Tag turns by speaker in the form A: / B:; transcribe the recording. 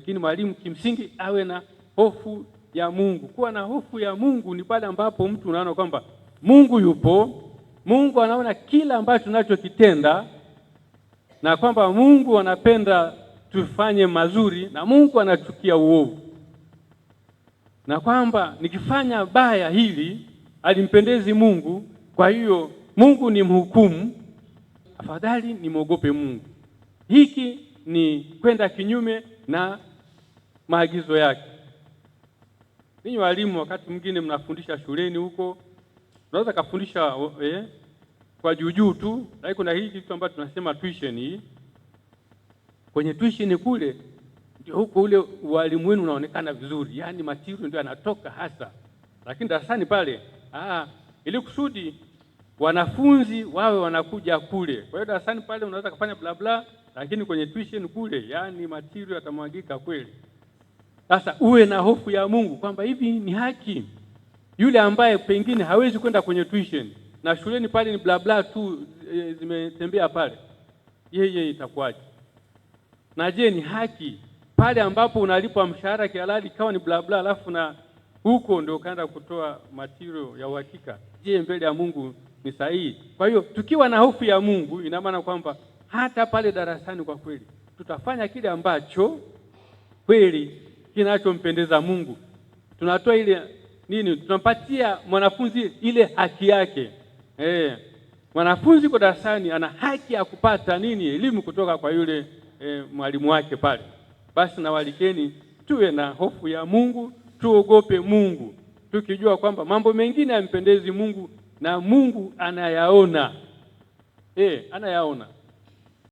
A: Lakini mwalimu kimsingi awe na hofu ya Mungu. Kuwa na hofu ya Mungu ni pale ambapo mtu unaona kwamba Mungu yupo, Mungu anaona kila ambacho tunachokitenda na kwamba Mungu anapenda tufanye mazuri na Mungu anachukia uovu, na kwamba nikifanya baya hili alimpendezi Mungu, kwa hiyo Mungu ni mhukumu, afadhali nimwogope Mungu. Hiki ni kwenda kinyume na maagizo yake. Ninyi walimu, wakati mwingine mnafundisha shuleni huko, unaweza kafundisha eh, kwa juujuu tu, lakini kuna hii kitu ambacho tunasema tuition hii. Kwenye tuition kule ndio huko ule walimu wenu unaonekana vizuri, yaani material ndio anatoka hasa, lakini darasani pale ah, ili kusudi wanafunzi wawe wanakuja kule. Kwa hiyo darasani pale unaweza kufanya bla bla, lakini kwenye tuition kule, yaani material atamwagika kweli. Sasa uwe na hofu ya Mungu kwamba hivi ni haki. Yule ambaye pengine hawezi kwenda kwenye tuition na shuleni pale ni blabla tu e, zimetembea pale, yeye itakuwaje? Na je, ni haki pale ambapo unalipwa mshahara kihalali kawa ni blabla, alafu na huko ndio ukaenda kutoa matirio ya uhakika? Je, mbele ya Mungu ni sahihi? Kwa hiyo tukiwa na hofu ya Mungu, ina maana kwamba hata pale darasani kwa kweli tutafanya kile ambacho kweli kinachompendeza Mungu. Tunatoa ile nini, tunampatia mwanafunzi ile haki yake eh. Mwanafunzi kwa darasani ana haki ya kupata nini, elimu kutoka kwa yule eh, mwalimu wake pale. Basi nawalikeni tuwe na hofu ya Mungu, tuogope Mungu tukijua kwamba mambo mengine yampendezi Mungu na Mungu anayaona eh, anayaona.